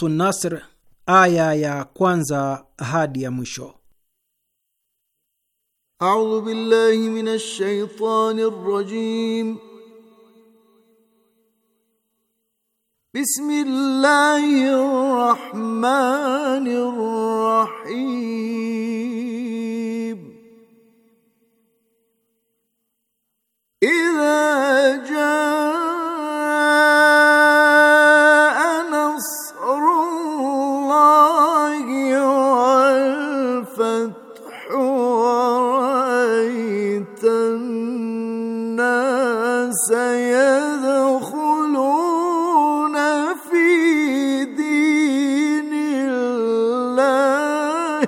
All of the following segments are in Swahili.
Suratu Nasr aya ya kwanza hadi ya mwisho. A'udhu billahi minash shaitani rrajim. Bismillahir rahmanir rahim. Idha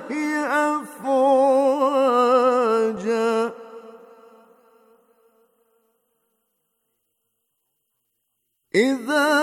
أفواجا إذا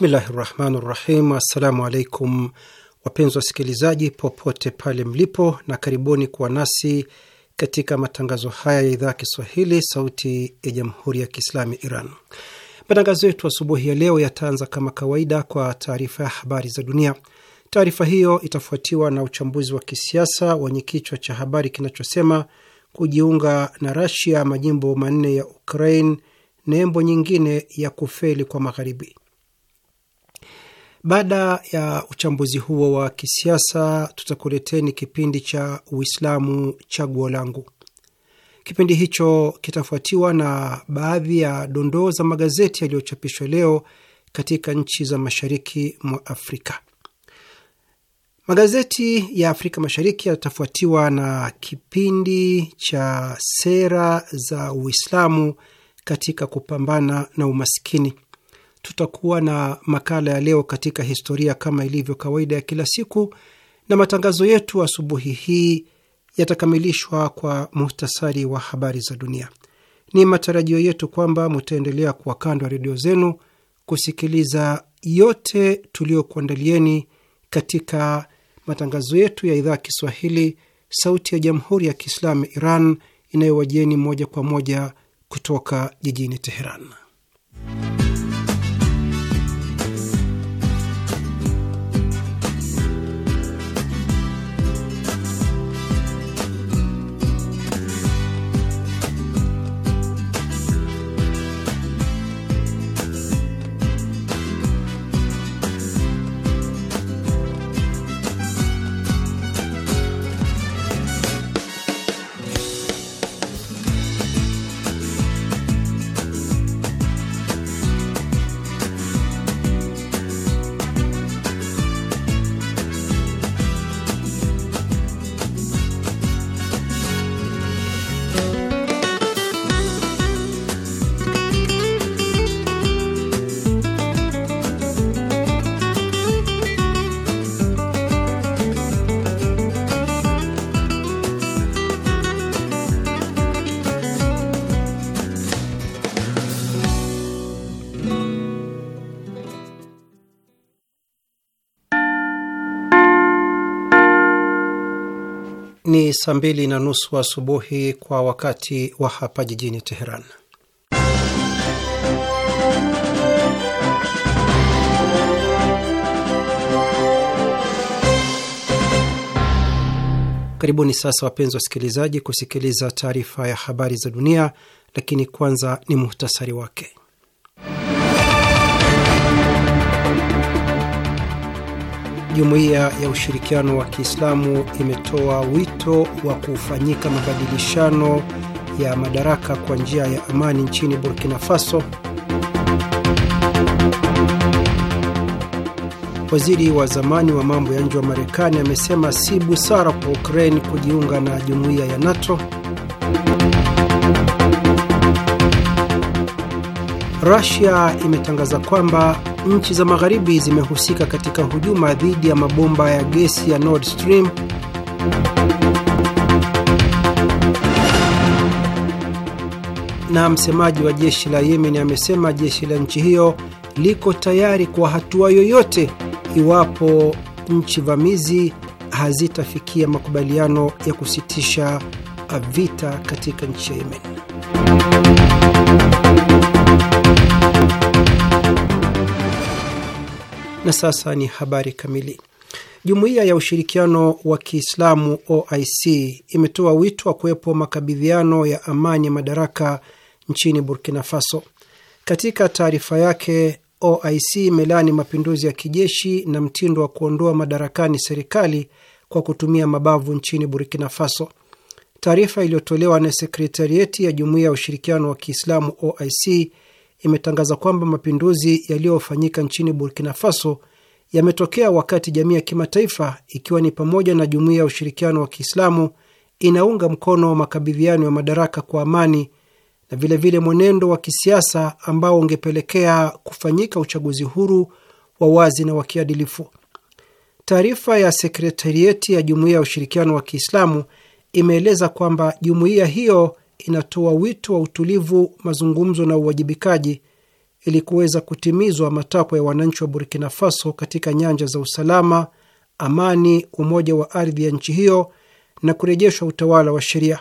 Bismillahi rahmani rahim. Assalamu alaikum wapenzi wasikilizaji popote pale mlipo, na karibuni kuwa nasi katika matangazo haya ya idhaa ya Kiswahili sauti ya jamhuri ya Kiislami Iran. Matangazo yetu asubuhi ya leo yataanza kama kawaida kwa taarifa ya habari za dunia. Taarifa hiyo itafuatiwa na uchambuzi wa kisiasa wenye kichwa cha habari kinachosema kujiunga na Rasia, majimbo manne ya Ukraine, nembo nyingine ya kufeli kwa Magharibi. Baada ya uchambuzi huo wa kisiasa, tutakuleteni kipindi cha Uislamu Chaguo Langu. Kipindi hicho kitafuatiwa na baadhi ya dondoo za magazeti yaliyochapishwa leo katika nchi za mashariki mwa Afrika. Magazeti ya Afrika Mashariki yatafuatiwa na kipindi cha sera za Uislamu katika kupambana na umaskini tutakuwa na makala ya leo katika historia kama ilivyo kawaida ya kila siku, na matangazo yetu asubuhi hii yatakamilishwa kwa muhtasari wa habari za dunia. Ni matarajio yetu kwamba mutaendelea kuwa kando ya redio zenu kusikiliza yote tuliyokuandalieni katika matangazo yetu ya idhaa ya Kiswahili, Sauti ya Jamhuri ya Kiislamu Iran, inayowajieni moja kwa moja kutoka jijini Teheran. saa mbili na nusu asubuhi kwa wakati wa hapa jijini Teheran. Karibuni sasa, wapenzi wasikilizaji, kusikiliza taarifa ya habari za dunia, lakini kwanza ni muhtasari wake. Jumuiya ya Ushirikiano wa Kiislamu imetoa wito wa kufanyika mabadilishano ya madaraka kwa njia ya amani nchini Burkina Faso. Waziri wa zamani wa mambo ya nje wa Marekani amesema si busara kwa Ukraine kujiunga na jumuiya ya NATO. rasia imetangaza kwamba nchi za magharibi zimehusika katika hujuma dhidi ya mabomba ya gesi ya Nord Stream. Na msemaji wa jeshi la Yemen amesema jeshi la nchi hiyo liko tayari kwa hatua yoyote iwapo nchi vamizi hazitafikia makubaliano ya kusitisha vita katika nchi ya Yemen. Na sasa ni habari kamili. Jumuiya ya ushirikiano wa Kiislamu OIC imetoa wito wa kuwepo makabidhiano ya amani ya madaraka nchini Burkina Faso. Katika taarifa yake, OIC imelaani mapinduzi ya kijeshi na mtindo wa kuondoa madarakani serikali kwa kutumia mabavu nchini Burkina Faso. Taarifa iliyotolewa na sekretarieti ya jumuiya ya ushirikiano wa Kiislamu OIC imetangaza kwamba mapinduzi yaliyofanyika nchini Burkina Faso yametokea wakati jamii ya kimataifa ikiwa ni pamoja na Jumuiya ya Ushirikiano wa Kiislamu inaunga mkono makabidhiano ya madaraka kwa amani na vilevile mwenendo wa kisiasa ambao ungepelekea kufanyika uchaguzi huru wa wazi na wa kiadilifu. Taarifa ya sekretarieti ya Jumuiya ya Ushirikiano wa Kiislamu imeeleza kwamba jumuiya hiyo inatoa wito wa utulivu, mazungumzo na uwajibikaji ili kuweza kutimizwa matakwa ya wananchi wa Burkina Faso katika nyanja za usalama, amani, umoja wa ardhi ya nchi hiyo na kurejeshwa utawala wa sheria.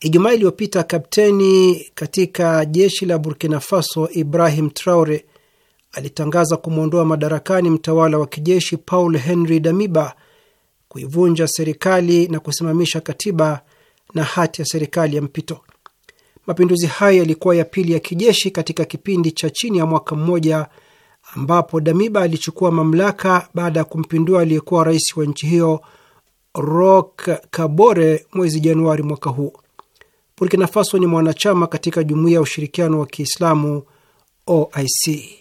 Ijumaa iliyopita, kapteni katika jeshi la Burkina Faso Ibrahim Traore alitangaza kumwondoa madarakani mtawala wa kijeshi Paul henry Damiba, kuivunja serikali na kusimamisha katiba na hati ya serikali ya mpito. Mapinduzi hayo yalikuwa ya pili ya kijeshi katika kipindi cha chini ya mwaka mmoja, ambapo Damiba alichukua mamlaka baada ya kumpindua aliyekuwa rais wa nchi hiyo rok Kabore mwezi Januari mwaka huu. Burkina Faso ni mwanachama katika Jumuiya ya Ushirikiano wa Kiislamu, OIC.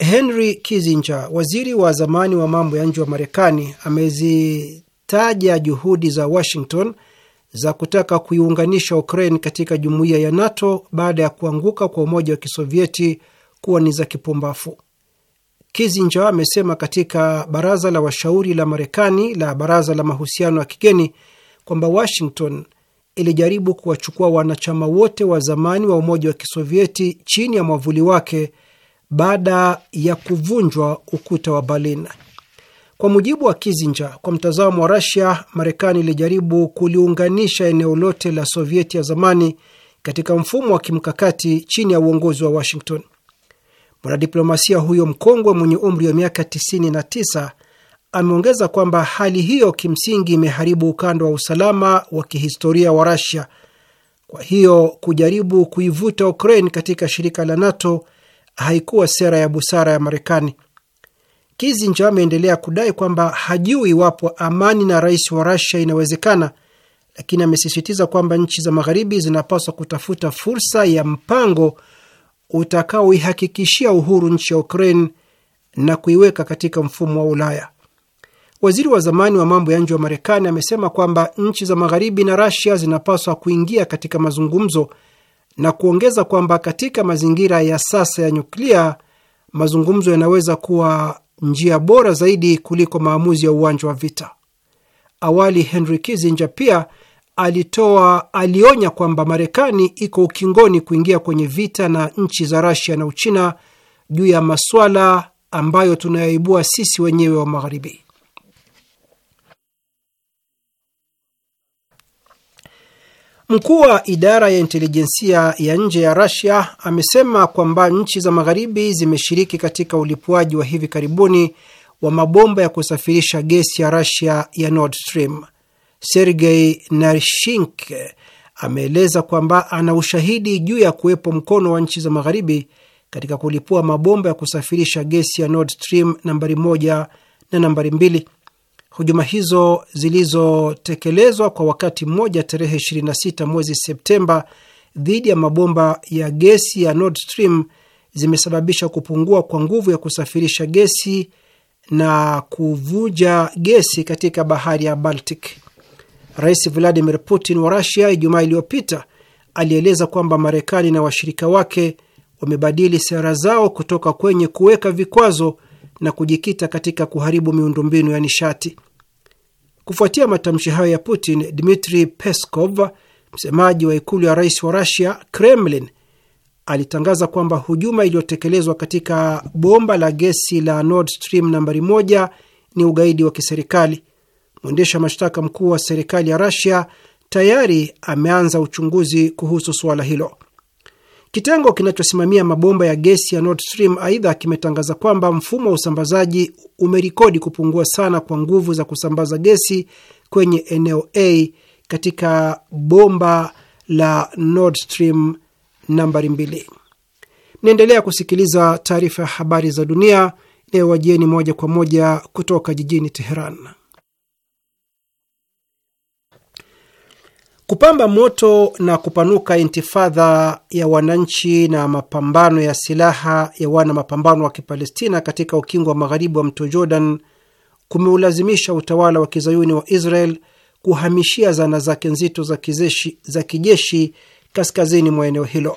Henry Kissinger, waziri wa zamani wa mambo ya nje wa Marekani, amezitaja juhudi za Washington za kutaka kuiunganisha Ukraine katika jumuiya ya NATO baada ya kuanguka kwa Umoja wa Kisovieti kuwa ni za kipumbafu. Kissinger amesema katika baraza la washauri la Marekani la baraza la mahusiano ya kigeni kwamba Washington ilijaribu kuwachukua wanachama wote wa zamani wa Umoja wa Kisovieti chini ya mwavuli wake baada ya kuvunjwa ukuta wa Berlin. Kwa mujibu wa kizinja kwa mtazamo wa rasia Marekani ilijaribu kuliunganisha eneo lote la Sovieti ya zamani katika mfumo wa kimkakati chini ya uongozi wa Washington. Mwanadiplomasia huyo mkongwe mwenye umri wa miaka 99 ameongeza kwamba hali hiyo kimsingi imeharibu ukanda wa usalama wa kihistoria wa rasia Kwa hiyo kujaribu kuivuta Ukraine katika shirika la NATO haikuwa sera ya busara ya Marekani. Kissinger ameendelea kudai kwamba hajui iwapo amani na rais wa Russia inawezekana, lakini amesisitiza kwamba nchi za magharibi zinapaswa kutafuta fursa ya mpango utakaoihakikishia uhuru nchi ya Ukraine na kuiweka katika mfumo wa Ulaya. Waziri wa zamani wa mambo ya nje wa Marekani amesema kwamba nchi za magharibi na Russia zinapaswa kuingia katika mazungumzo na kuongeza kwamba katika mazingira ya sasa ya nyuklia, mazungumzo yanaweza kuwa njia bora zaidi kuliko maamuzi ya uwanja wa vita. Awali Henry Kissinger pia alitoa alionya kwamba Marekani iko ukingoni kuingia kwenye vita na nchi za Rasia na Uchina juu ya maswala ambayo tunayaibua sisi wenyewe wa Magharibi. Mkuu wa idara ya intelijensia ya nje ya rasia amesema kwamba nchi za magharibi zimeshiriki katika ulipuaji wa hivi karibuni wa mabomba ya kusafirisha gesi ya rasia ya Nord Stream. Sergei Narshink ameeleza kwamba ana ushahidi juu ya kuwepo mkono wa nchi za magharibi katika kulipua mabomba ya kusafirisha gesi ya Nord Stream nambari moja na nambari mbili. Hujuma hizo zilizotekelezwa kwa wakati mmoja tarehe 26 mwezi Septemba dhidi ya mabomba ya gesi ya Nord Stream zimesababisha kupungua kwa nguvu ya kusafirisha gesi na kuvuja gesi katika bahari ya Baltic. Rais Vladimir Putin wa Russia Ijumaa iliyopita alieleza kwamba Marekani na washirika wake wamebadili sera zao kutoka kwenye kuweka vikwazo na kujikita katika kuharibu miundombinu ya nishati. Kufuatia matamshi hayo ya Putin, Dmitri Peskov, msemaji wa ikulu ya rais wa Rusia, Kremlin, alitangaza kwamba hujuma iliyotekelezwa katika bomba la gesi la Nord Stream nambari moja ni ugaidi wa kiserikali. Mwendesha mashtaka mkuu wa serikali ya Rusia tayari ameanza uchunguzi kuhusu suala hilo. Kitengo kinachosimamia mabomba ya gesi ya Nord Stream aidha kimetangaza kwamba mfumo wa usambazaji umerekodi kupungua sana kwa nguvu za kusambaza gesi kwenye eneo A katika bomba la Nord Stream nambari mbili. Naendelea kusikiliza taarifa ya habari za dunia inayowajieni moja kwa moja kutoka jijini Teheran. Kupamba moto na kupanuka intifadha ya wananchi na mapambano ya silaha ya wana mapambano wa Kipalestina katika ukingo wa magharibi wa mto Jordan kumeulazimisha utawala wa kizayuni wa Israel kuhamishia zana zake nzito za kijeshi za kijeshi kaskazini mwa eneo hilo.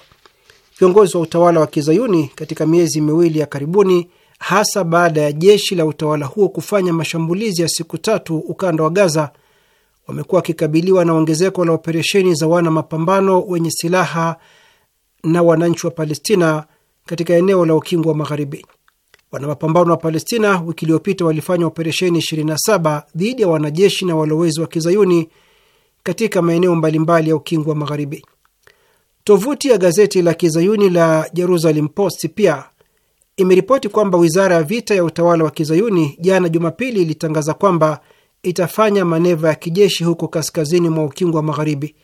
Viongozi wa utawala wa kizayuni katika miezi miwili ya karibuni, hasa baada ya jeshi la utawala huo kufanya mashambulizi ya siku tatu ukanda wa Gaza, wamekuwa wakikabiliwa na ongezeko la operesheni za wana mapambano wenye silaha na wananchi wa Palestina katika eneo la ukingo wa Magharibi. Wanamapambano wa Palestina wiki iliyopita walifanya operesheni 27 dhidi ya wanajeshi na walowezi wa kizayuni katika maeneo mbalimbali ya ukingo wa Magharibi. Tovuti ya gazeti la kizayuni la Jerusalem Post pia imeripoti kwamba wizara ya vita ya utawala wa kizayuni jana Jumapili ilitangaza kwamba itafanya maneva ya kijeshi huko kaskazini mwa ukingo wa Magharibi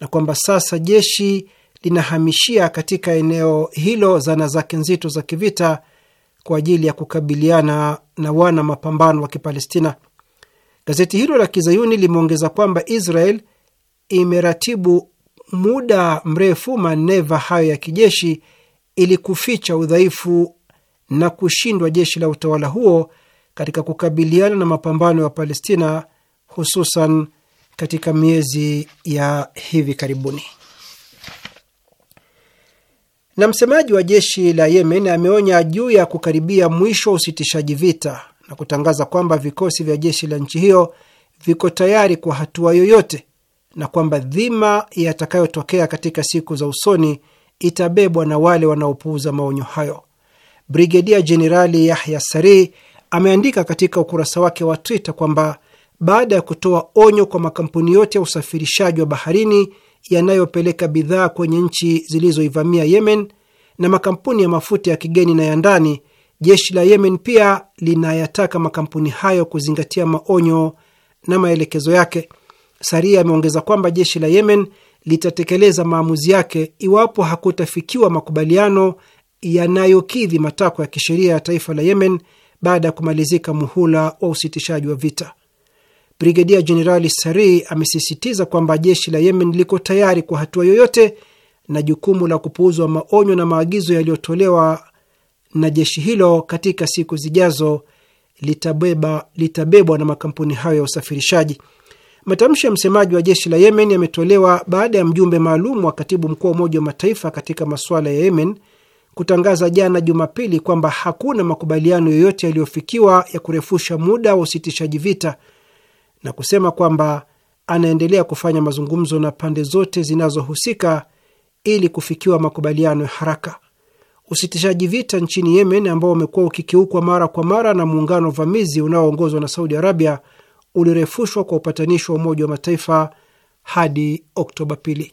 na kwamba sasa jeshi linahamishia katika eneo hilo zana zake nzito za kivita kwa ajili ya kukabiliana na wana mapambano wa Kipalestina. Gazeti hilo la kizayuni limeongeza kwamba Israel imeratibu muda mrefu maneva hayo ya kijeshi ili kuficha udhaifu na kushindwa jeshi la utawala huo katika kukabiliana na mapambano ya Palestina, hususan katika miezi ya hivi karibuni. Na msemaji wa jeshi la Yemen ameonya juu ya kukaribia mwisho wa usitishaji vita na kutangaza kwamba vikosi vya jeshi la nchi hiyo viko tayari kwa hatua yoyote na kwamba dhima yatakayotokea katika siku za usoni itabebwa na wale wanaopuuza maonyo hayo. Brigedia Jenerali Yahya Sari ameandika katika ukurasa wake wa Twitter kwamba baada ya kutoa onyo kwa makampuni yote ya usafirishaji wa baharini yanayopeleka bidhaa kwenye nchi zilizoivamia Yemen na makampuni ya mafuta ya kigeni na ya ndani, jeshi la Yemen pia linayataka makampuni hayo kuzingatia maonyo na maelekezo yake. Saria ameongeza kwamba jeshi la Yemen litatekeleza maamuzi yake iwapo hakutafikiwa makubaliano yanayokidhi matakwa ya kisheria ya taifa la Yemen baada ya kumalizika muhula wa usitishaji wa vita. Brigedia Jenerali Sari amesisitiza kwamba jeshi la Yemen liko tayari kwa hatua yoyote na jukumu la kupuuzwa maonyo na maagizo yaliyotolewa na jeshi hilo katika siku zijazo litabeba, litabebwa na makampuni hayo ya usafirishaji. Matamshi ya msemaji wa jeshi la Yemen yametolewa baada ya mjumbe maalum wa katibu mkuu wa Umoja wa Mataifa katika masuala ya Yemen kutangaza jana Jumapili kwamba hakuna makubaliano yoyote yaliyofikiwa ya kurefusha muda wa usitishaji vita na kusema kwamba anaendelea kufanya mazungumzo na pande zote zinazohusika ili kufikiwa makubaliano ya haraka. Usitishaji vita nchini Yemen ambao umekuwa ukikiukwa mara kwa mara na muungano wa unaoongozwa na Saudi Arabia ulirefushwa kwa upatanishi wa Umoja wa Mataifa hadi Oktoba pili.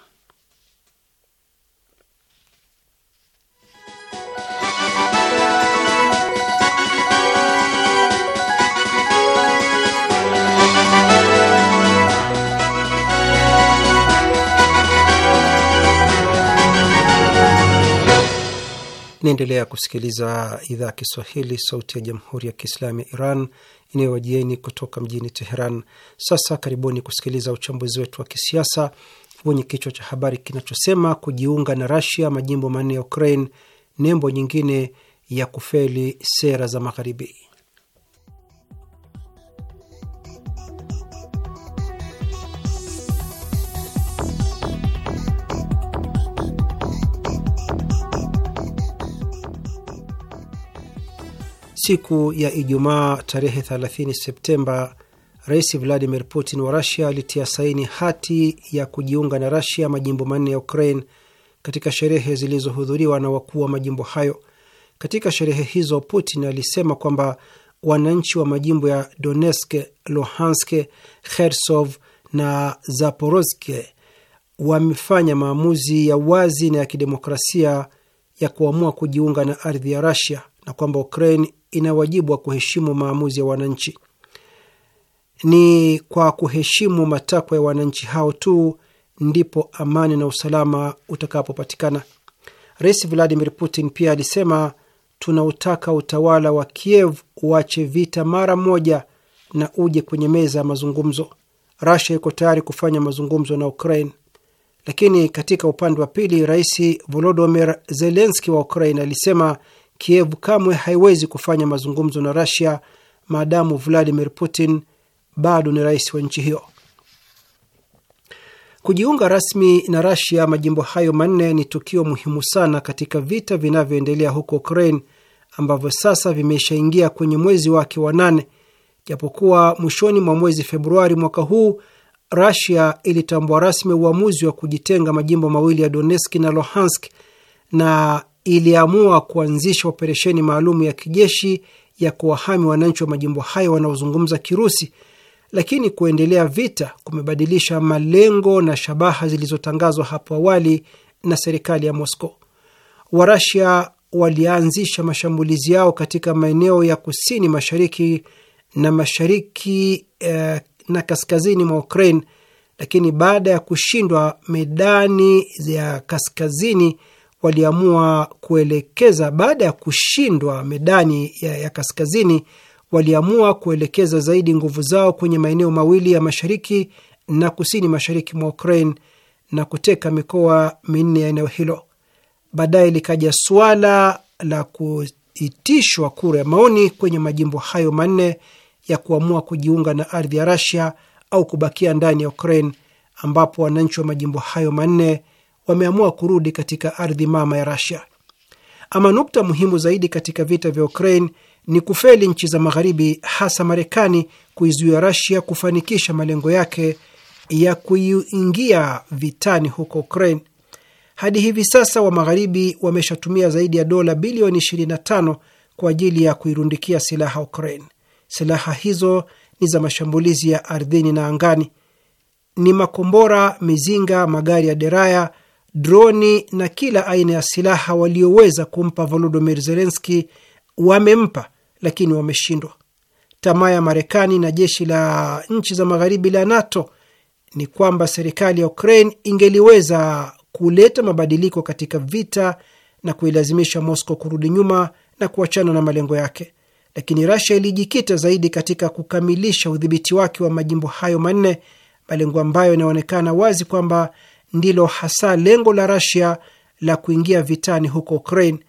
Naendelea kusikiliza idhaa ya Kiswahili, sauti ya jamhuri ya kiislamu ya Iran inayowajieni kutoka mjini Teheran. Sasa karibuni kusikiliza uchambuzi wetu wa kisiasa wenye kichwa cha habari kinachosema kujiunga na Rasia, majimbo manne ya Ukraine nembo nyingine ya kufeli sera za Magharibi. siku ya Ijumaa tarehe 30 Septemba, Rais Vladimir Putin wa Rusia alitia saini hati ya kujiunga na Rusia majimbo manne ya Ukraine katika sherehe zilizohudhuriwa na wakuu wa majimbo hayo. Katika sherehe hizo, Putin alisema kwamba wananchi wa majimbo ya Donetsk, Luhansk, Kherson na zaporoske wamefanya maamuzi ya wazi na ya kidemokrasia ya kuamua kujiunga na ardhi ya Rusia na kwamba Ukraine ina wajibu wa kuheshimu maamuzi ya wananchi. Ni kwa kuheshimu matakwa ya wananchi hao tu ndipo amani na usalama utakapopatikana. Rais Vladimir Putin pia alisema, tunautaka utawala wa Kiev uache vita mara moja na uje kwenye meza ya mazungumzo. rasia iko tayari kufanya mazungumzo na Ukraine. Lakini katika upande wa pili, Rais Volodomir zelenski wa Ukraine alisema Kiev kamwe haiwezi kufanya mazungumzo na rasia maadamu Vladimir Putin bado ni rais wa nchi hiyo. Kujiunga rasmi na rasia majimbo hayo manne ni tukio muhimu sana katika vita vinavyoendelea huko Ukraine ambavyo sasa vimeshaingia kwenye mwezi wake wa nane, japokuwa mwishoni mwa mwezi Februari mwaka huu rasia ilitambua rasmi uamuzi wa kujitenga majimbo mawili ya Donetsk na Luhansk na iliamua kuanzisha operesheni maalum ya kijeshi ya kuwahami wananchi wa majimbo hayo wanaozungumza Kirusi, lakini kuendelea vita kumebadilisha malengo na shabaha zilizotangazwa hapo awali na serikali ya Moscow. Warasia walianzisha mashambulizi yao katika maeneo ya kusini mashariki na mashariki eh, na kaskazini mwa Ukraine, lakini baada ya kushindwa medani ya kaskazini waliamua kuelekeza, baada ya kushindwa medani ya, ya kaskazini, waliamua kuelekeza zaidi nguvu zao kwenye maeneo mawili ya mashariki na kusini mashariki mwa Ukraine na kuteka mikoa minne ya eneo hilo. Baadaye likaja suala la kuitishwa kura ya maoni kwenye majimbo hayo manne ya kuamua kujiunga na ardhi ya Russia au kubakia ndani ya Ukraine, ambapo wananchi wa majimbo hayo manne wameamua kurudi katika ardhi mama ya Rasia. Ama nukta muhimu zaidi katika vita vya Ukraine ni kufeli nchi za Magharibi, hasa Marekani, kuizuia Rasia kufanikisha malengo yake ya kuingia vitani huko Ukraine. Hadi hivi sasa wa Magharibi wameshatumia zaidi ya dola bilioni 25 kwa ajili ya kuirundikia silaha Ukraine. Silaha hizo ni za mashambulizi ya ardhini na angani, ni makombora, mizinga, magari ya deraya droni na kila aina ya silaha walioweza kumpa Volodymyr Zelensky wamempa, lakini wameshindwa. Tamaa ya Marekani na jeshi la nchi za magharibi la NATO ni kwamba serikali ya Ukraine ingeliweza kuleta mabadiliko katika vita na kuilazimisha Moscow kurudi nyuma na kuachana na malengo yake, lakini Russia ilijikita zaidi katika kukamilisha udhibiti wake wa majimbo hayo manne, malengo ambayo inaonekana wazi kwamba ndilo hasa lengo la Rasia la kuingia vitani huko Ukraine.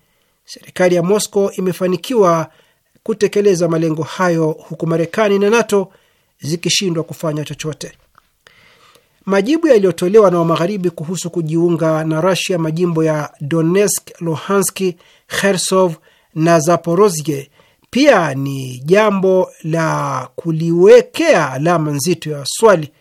Serikali ya Moscow imefanikiwa kutekeleza malengo hayo huku Marekani na NATO zikishindwa kufanya chochote. Majibu yaliyotolewa na Wamagharibi kuhusu kujiunga na Rasia majimbo ya Donetsk, Luhanski, hersov na Zaporozhye pia ni jambo la kuliwekea alama nzito ya swali.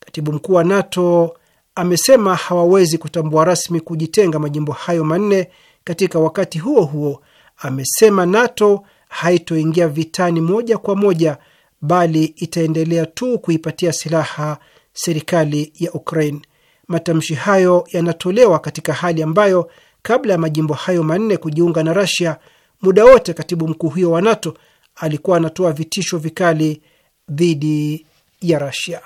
Katibu mkuu wa NATO amesema hawawezi kutambua rasmi kujitenga majimbo hayo manne. Katika wakati huo huo, amesema NATO haitoingia vitani moja kwa moja, bali itaendelea tu kuipatia silaha serikali ya Ukraine. Matamshi hayo yanatolewa katika hali ambayo kabla ya majimbo hayo manne kujiunga na Russia, muda wote katibu mkuu huyo wa NATO alikuwa anatoa vitisho vikali dhidi ya Russia.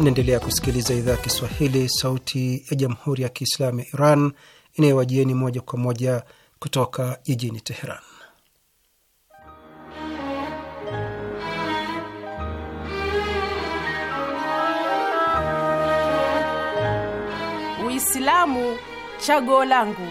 Inaendelea kusikiliza idhaa ya Kiswahili, sauti ya jamhuri ya kiislamu ya Iran inayowajieni moja kwa moja kutoka jijini Teheran. Uislamu chaguo langu.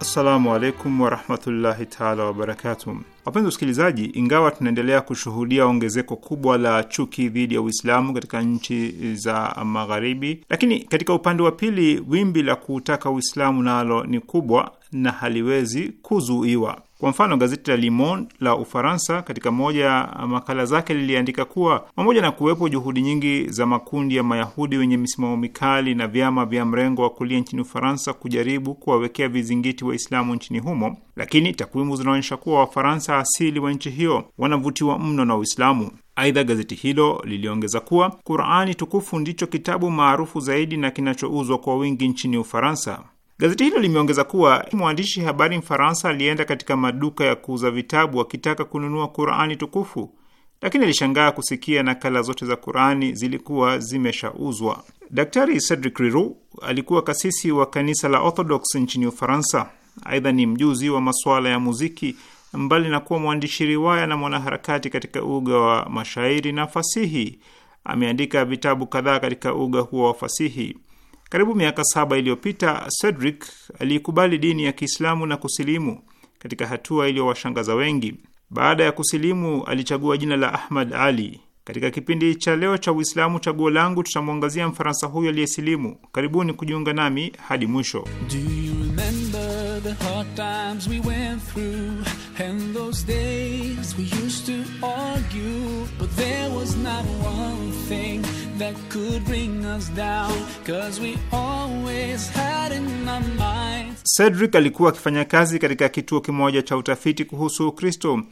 Assalamu alaikum warahmatullahi taala wabarakatuh. Wapenzi wasikilizaji, ingawa tunaendelea kushuhudia ongezeko kubwa la chuki dhidi ya Uislamu katika nchi za Magharibi, lakini katika upande wa pili, wimbi la kutaka Uislamu nalo ni kubwa na haliwezi kuzuiwa. Kwa mfano, gazeti la Le Monde la Ufaransa katika moja ya makala zake liliandika kuwa pamoja na kuwepo juhudi nyingi za makundi ya Mayahudi wenye misimamo mikali na vyama vya mrengo wa kulia nchini Ufaransa kujaribu kuwawekea vizingiti Waislamu nchini humo, lakini takwimu zinaonyesha kuwa Wafaransa asili wa nchi hiyo wanavutiwa mno na Uislamu. Aidha, gazeti hilo liliongeza kuwa Qurani tukufu ndicho kitabu maarufu zaidi na kinachouzwa kwa wingi nchini Ufaransa. Gazeti hilo limeongeza kuwa mwandishi habari Mfaransa alienda katika maduka ya kuuza vitabu akitaka kununua Qurani tukufu, lakini alishangaa kusikia nakala zote za Qurani zilikuwa zimeshauzwa. Daktari Cedric Riro alikuwa kasisi wa kanisa la Orthodox nchini Ufaransa. Aidha ni mjuzi wa masuala ya muziki, mbali na kuwa mwandishi riwaya na mwanaharakati katika uga wa mashairi na fasihi. Ameandika vitabu kadhaa katika uga huo wa fasihi. Karibu miaka saba iliyopita, Cedric aliikubali dini ya Kiislamu na kusilimu katika hatua iliyowashangaza wengi. Baada ya kusilimu, alichagua jina la Ahmad Ali. Katika kipindi cha leo cha Uislamu Chaguo Langu, tutamwangazia Mfaransa huyo aliyesilimu. Karibuni kujiunga nami hadi mwisho that could bring us down cause we always had in our minds. Cedric alikuwa akifanya kazi katika kituo kimoja cha utafiti kuhusu Ukristo.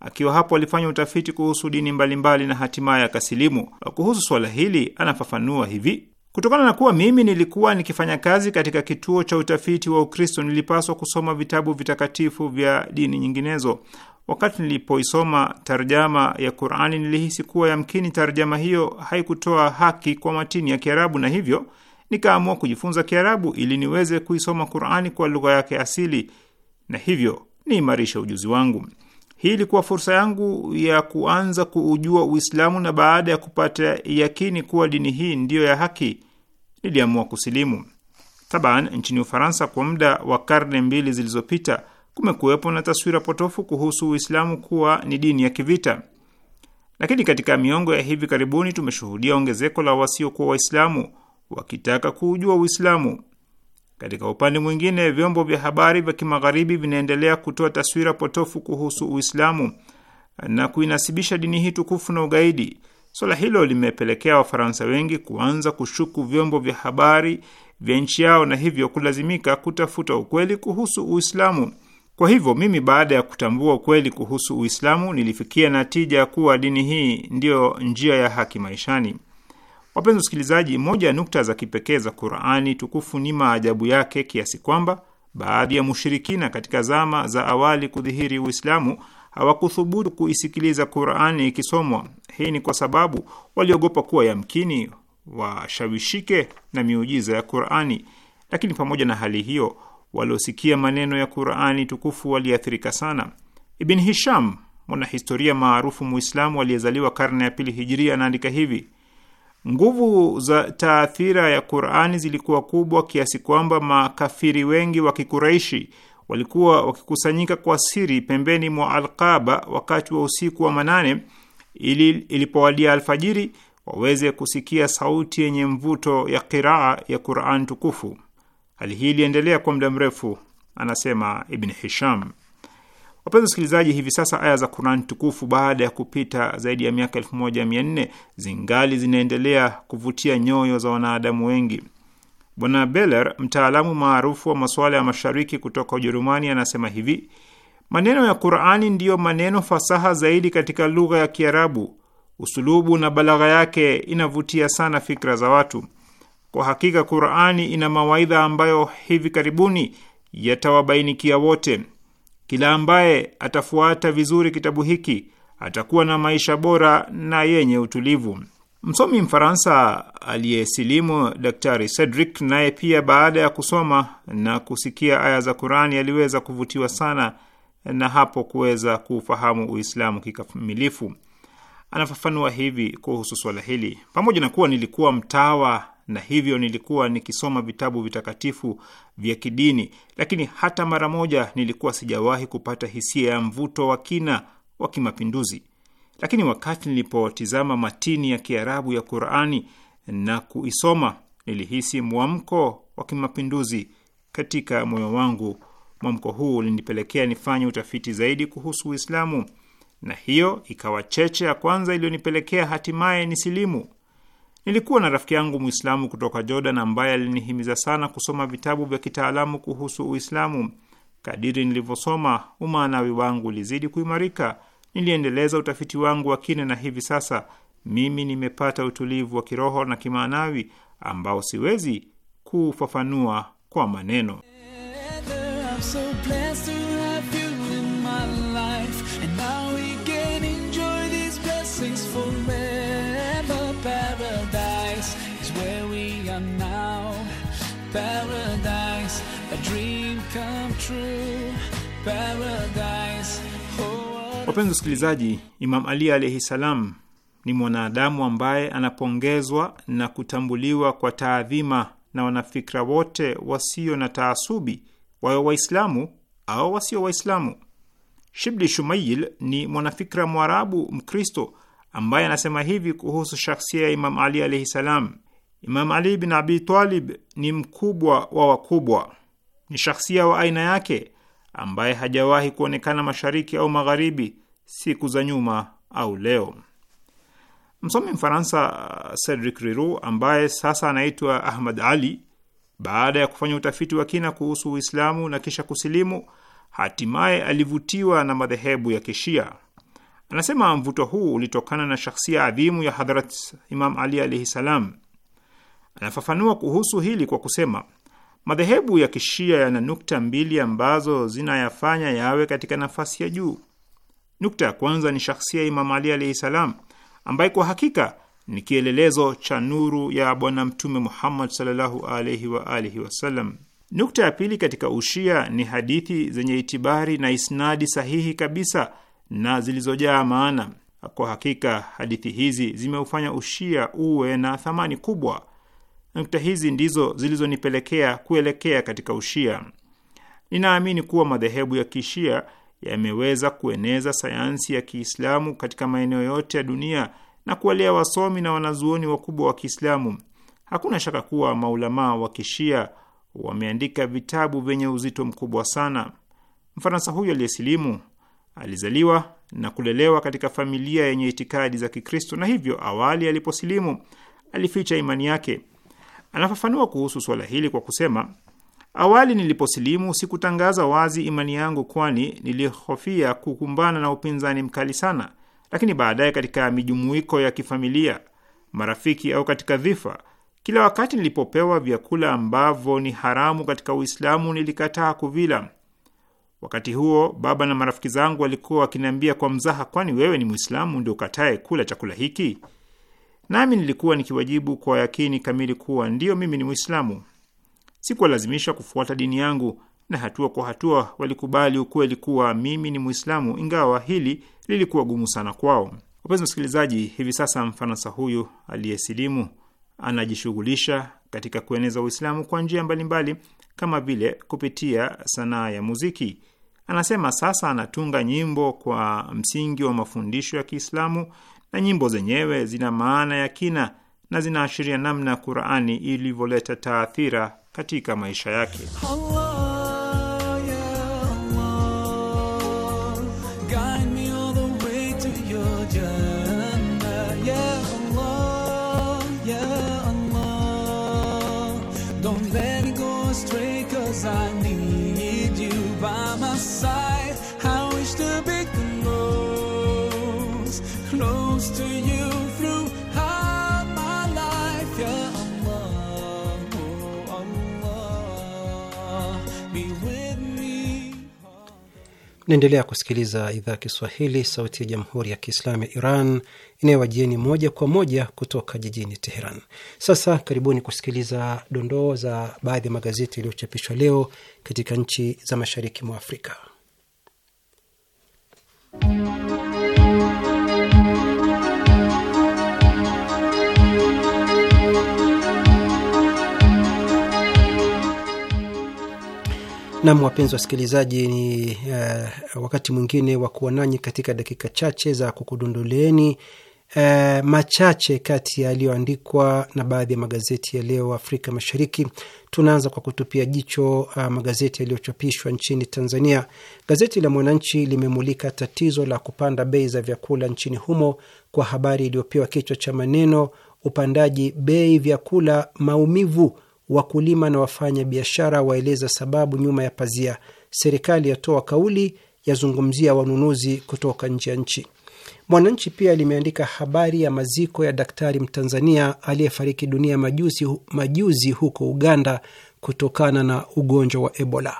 Akiwa hapo alifanya utafiti kuhusu dini mbalimbali mbali na hatimaye akasilimu. Kuhusu suala hili anafafanua hivi: Kutokana na kuwa mimi nilikuwa nikifanya kazi katika kituo cha utafiti wa Ukristo, nilipaswa kusoma vitabu vitakatifu vya dini nyinginezo. Wakati nilipoisoma tarjama ya Qur'ani, nilihisi kuwa yamkini tarjama hiyo haikutoa haki kwa matini ya Kiarabu, na hivyo nikaamua kujifunza Kiarabu ili niweze kuisoma Qur'ani kwa lugha yake asili na hivyo niimarishe ujuzi wangu. Hii ilikuwa fursa yangu ya kuanza kuujua Uislamu, na baada ya kupata yakini kuwa dini hii ndiyo ya haki, niliamua kusilimu. Taban, nchini Ufaransa kwa muda wa karne mbili zilizopita kumekuwepo na taswira potofu kuhusu Uislamu kuwa ni dini ya kivita. Lakini katika miongo ya hivi karibuni tumeshuhudia ongezeko la wasiokuwa Waislamu wakitaka kuujua Uislamu. Katika upande mwingine, vyombo vya habari vya kimagharibi vinaendelea kutoa taswira potofu kuhusu Uislamu na kuinasibisha dini hii tukufu na ugaidi. Swala hilo limepelekea Wafaransa wengi kuanza kushuku vyombo vya habari vya nchi yao na hivyo kulazimika kutafuta ukweli kuhusu Uislamu. Kwa hivyo mimi, baada ya kutambua ukweli kuhusu Uislamu, nilifikia natija ya kuwa dini hii ndiyo njia ya haki maishani. Wapenzi wasikilizaji, moja ya nukta za kipekee za Qur'ani tukufu ni maajabu yake kiasi kwamba baadhi ya mushirikina katika zama za awali kudhihiri Uislamu hawakuthubutu kuisikiliza Qur'ani ikisomwa. Hii ni kwa sababu waliogopa kuwa yamkini washawishike na miujiza ya Qur'ani. Lakini pamoja na hali hiyo waliosikia maneno ya Qurani tukufu waliathirika sana. Ibn Hisham, mwanahistoria maarufu Muislamu aliyezaliwa karne ya pili Hijiria, anaandika hivi: nguvu za taathira ya Qurani zilikuwa kubwa kiasi kwamba makafiri wengi wa Kikuraishi walikuwa wakikusanyika kwa siri pembeni mwa Alqaba wakati wa usiku wa manane ili ilipowadia alfajiri waweze kusikia sauti yenye mvuto ya qiraa ya Quran tukufu. Hali hii iliendelea kwa muda mrefu, anasema Ibn Hisham. Wapenzi wasikilizaji, hivi sasa aya za Quran tukufu baada ya kupita zaidi ya miaka elfu moja mia nne zingali zinaendelea kuvutia nyoyo za wanadamu wengi. Bwana Beller, mtaalamu maarufu wa masuala ya mashariki kutoka Ujerumani, anasema hivi: maneno ya Qurani ndiyo maneno fasaha zaidi katika lugha ya Kiarabu. Usulubu na balagha yake inavutia sana fikra za watu. Kwa hakika Qurani ina mawaidha ambayo hivi karibuni yatawabainikia wote. Kila ambaye atafuata vizuri kitabu hiki atakuwa na maisha bora na yenye utulivu. Msomi Mfaransa aliyesilimu Daktari Cedric naye pia, baada ya kusoma na kusikia aya za Qurani, aliweza kuvutiwa sana na hapo kuweza kuufahamu Uislamu kikamilifu. Anafafanua hivi kuhusu swala hili: pamoja na kuwa nilikuwa mtawa na hivyo nilikuwa nikisoma vitabu vitakatifu vya kidini, lakini hata mara moja nilikuwa sijawahi kupata hisia ya mvuto wa kina wa kimapinduzi. Lakini wakati nilipotizama matini ya Kiarabu ya Qurani na kuisoma, nilihisi mwamko wa kimapinduzi katika moyo wangu. Mwamko huu ulinipelekea nifanye utafiti zaidi kuhusu Uislamu, na hiyo ikawa cheche ya kwanza iliyonipelekea hatimaye nisilimu. Nilikuwa na rafiki yangu Mwislamu kutoka Jordan ambaye alinihimiza sana kusoma vitabu vya kitaalamu kuhusu Uislamu. Kadiri nilivyosoma, umaanawi wangu ulizidi kuimarika. Niliendeleza utafiti wangu wa kina na hivi sasa mimi nimepata utulivu wa kiroho na kimaanawi ambao siwezi kufafanua kwa maneno. Wapenzi wasikilizaji, Imam Ali alaihi salam ni mwanadamu ambaye anapongezwa na kutambuliwa kwa taadhima na wanafikra wote wasio na taasubi, wawe Waislamu au wasio Waislamu. Shibli Shumail ni mwanafikra Mwarabu Mkristo ambaye anasema hivi kuhusu shakhsia ya Imam Ali alaihi salam: Imam Ali bin Abi Talib ni mkubwa wa wakubwa, ni shakhsia wa aina yake ambaye hajawahi kuonekana mashariki au magharibi siku za nyuma au leo. Msomi Mfaransa uh, Cedric Riro ambaye sasa anaitwa Ahmad Ali, baada ya kufanya utafiti wa kina kuhusu Uislamu na kisha kusilimu, hatimaye alivutiwa na madhehebu ya Kishia. Anasema mvuto huu ulitokana na shakhsia adhimu ya Hadhrat Imam Ali alaihi salam. Anafafanua kuhusu hili kwa kusema, madhehebu ya Kishia yana nukta mbili ambazo zinayafanya yawe katika nafasi ya juu. Nukta ya kwanza ni shakhsia ya Imam Ali alaihi salam, ambaye kwa hakika ni kielelezo cha nuru ya Bwana Mtume Muhammad sallallahu alaihi wa alihi wasallam. Nukta ya pili katika ushia ni hadithi zenye itibari na isnadi sahihi kabisa na zilizojaa maana. Kwa hakika hadithi hizi zimeufanya ushia uwe na thamani kubwa. Nukta hizi ndizo zilizonipelekea kuelekea katika ushia. Ninaamini kuwa madhehebu ya kishia yameweza kueneza sayansi ya Kiislamu katika maeneo yote ya dunia na kuwalea wasomi na wanazuoni wakubwa wa Kiislamu. Hakuna shaka kuwa maulamaa wa kishia wameandika vitabu vyenye uzito mkubwa sana. Mfaransa huyo aliyesilimu alizaliwa na kulelewa katika familia yenye itikadi za Kikristo na hivyo awali aliposilimu alificha imani yake. Anafafanua kuhusu suala hili kwa kusema Awali niliposilimu sikutangaza wazi imani yangu, kwani nilihofia kukumbana na upinzani mkali sana. Lakini baadaye, katika mijumuiko ya kifamilia, marafiki au katika dhifa, kila wakati nilipopewa vyakula ambavyo ni haramu katika Uislamu, nilikataa kuvila. Wakati huo baba na marafiki zangu walikuwa wakiniambia kwa mzaha, kwani wewe ni Mwislamu ndio ukatae kula chakula hiki? Nami nilikuwa nikiwajibu kwa yakini kamili kuwa ndiyo, mimi ni Mwislamu. Sikuwalazimisha kufuata dini yangu, na hatua kwa hatua walikubali ukweli kuwa mimi ni Mwislamu, ingawa hili lilikuwa gumu sana kwao. Wapenzi wasikilizaji, hivi sasa Mfaransa huyu aliyesilimu anajishughulisha katika kueneza Uislamu kwa njia mbalimbali kama vile kupitia sanaa ya muziki. Anasema sasa anatunga nyimbo kwa msingi wa mafundisho ya Kiislamu, na nyimbo zenyewe zina maana ya kina na zinaashiria namna Qurani ilivyoleta taathira katika maisha yake Allah. Naendelea kusikiliza idhaa ya Kiswahili, sauti ya jamhuri ya kiislamu ya Iran inayowajieni moja kwa moja kutoka jijini Teheran. Sasa karibuni kusikiliza dondoo za baadhi ya magazeti yaliyochapishwa leo katika nchi za mashariki mwa Afrika. Nam, wapenzi wasikilizaji, ni uh, wakati mwingine wa kuwa nanyi katika dakika chache za kukudondoleeni uh, eh, machache kati ya yaliyoandikwa na baadhi ya magazeti ya leo Afrika Mashariki. Tunaanza kwa kutupia jicho uh, magazeti yaliyochapishwa nchini Tanzania. Gazeti la Mwananchi limemulika tatizo la kupanda bei za vyakula nchini humo kwa habari iliyopewa kichwa cha maneno upandaji bei vyakula maumivu wakulima na wafanya biashara waeleza sababu nyuma ya pazia. Serikali yatoa kauli, yazungumzia wanunuzi kutoka nje ya nchi. Mwananchi pia limeandika habari ya maziko ya daktari mtanzania aliyefariki dunia majuzi, majuzi huko Uganda kutokana na ugonjwa wa Ebola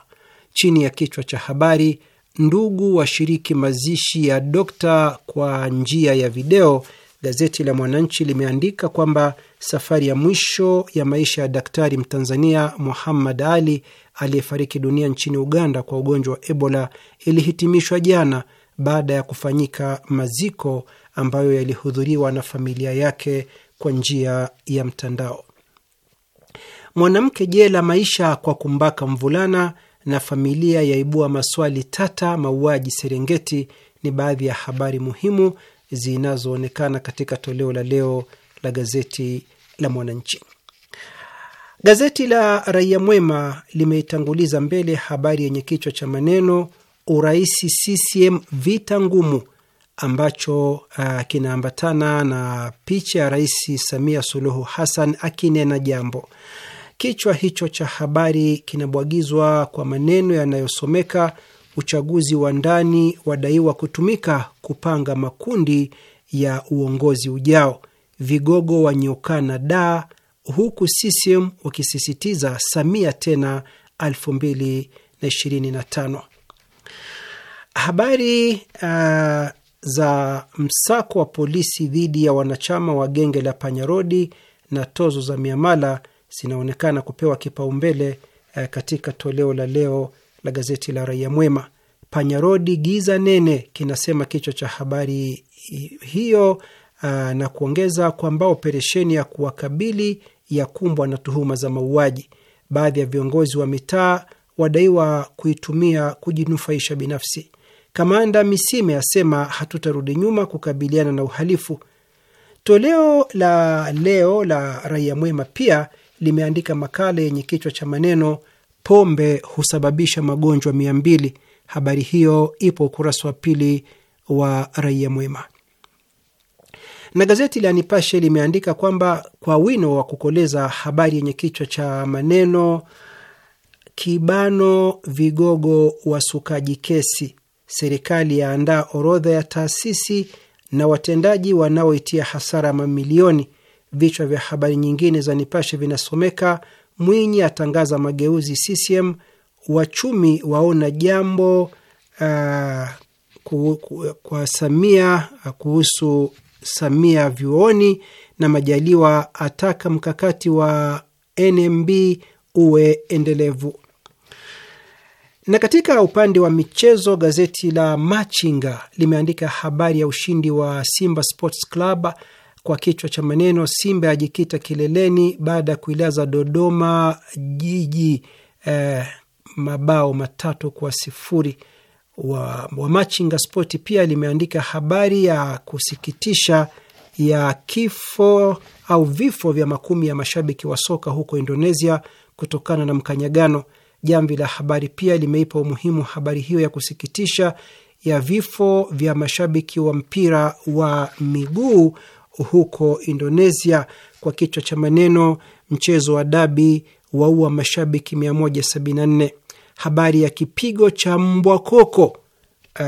chini ya kichwa cha habari, ndugu washiriki mazishi ya dokta kwa njia ya video gazeti la Mwananchi limeandika kwamba safari ya mwisho ya maisha ya daktari Mtanzania Muhammad Ali aliyefariki dunia nchini Uganda kwa ugonjwa wa Ebola ilihitimishwa jana baada ya kufanyika maziko ambayo yalihudhuriwa na familia yake kwa njia ya mtandao. Mwanamke jela maisha kwa kumbaka mvulana na familia yaibua maswali tata, mauaji Serengeti ni baadhi ya habari muhimu zinazoonekana katika toleo la leo la gazeti la Mwananchi. Gazeti la Raia Mwema limeitanguliza mbele habari yenye kichwa cha maneno uraisi CCM vita ngumu, ambacho uh, kinaambatana na picha ya Rais Samia Suluhu Hassan akinena jambo. Kichwa hicho cha habari kinabwagizwa kwa maneno yanayosomeka uchaguzi wa ndani wadaiwa kutumika kupanga makundi ya uongozi ujao. Vigogo wanyokana da huku CCM wakisisitiza Samia tena 2025. Habari uh, za msako wa polisi dhidi ya wanachama wa genge la panyarodi na tozo za miamala zinaonekana kupewa kipaumbele uh, katika toleo la leo la gazeti la Raia Mwema. Panyarodi giza nene, kinasema kichwa cha habari hiyo uh, na kuongeza kwamba operesheni ya kuwakabili ya kumbwa na tuhuma za mauaji. Baadhi ya viongozi wa mitaa wadaiwa kuitumia kujinufaisha binafsi. Kamanda Misime asema hatutarudi nyuma kukabiliana na uhalifu. Toleo la leo la Raia Mwema pia limeandika makala yenye kichwa cha maneno pombe husababisha magonjwa mia mbili. Habari hiyo ipo ukurasa wa pili wa Raia Mwema. Na gazeti la Nipashe limeandika kwamba kwa wino wa kukoleza, habari yenye kichwa cha maneno kibano vigogo wasukaji kesi, serikali yaandaa orodha ya taasisi na watendaji wanaoitia hasara mamilioni. Vichwa vya habari nyingine za Nipashe vinasomeka Mwinyi atangaza mageuzi CCM, wachumi waona jambo uh, ku, ku, kwa Samia uh, kuhusu Samia vyuoni, na Majaliwa ataka mkakati wa NMB uwe endelevu. Na katika upande wa michezo, gazeti la Machinga limeandika habari ya ushindi wa Simba Sports Club kwa kichwa cha maneno Simba yajikita kileleni baada ya kuilaza Dodoma Jiji eh, mabao matatu kwa sifuri. Wa, wa Machinga Spoti pia limeandika habari ya kusikitisha ya kifo au vifo vya makumi ya mashabiki wa soka huko Indonesia kutokana na mkanyagano. Jamvi la Habari pia limeipa umuhimu habari hiyo ya kusikitisha ya vifo vya mashabiki wa mpira wa miguu huko Indonesia kwa kichwa cha maneno mchezo wa dabi waua mashabiki 174. Habari ya kipigo cha mbwa koko uh,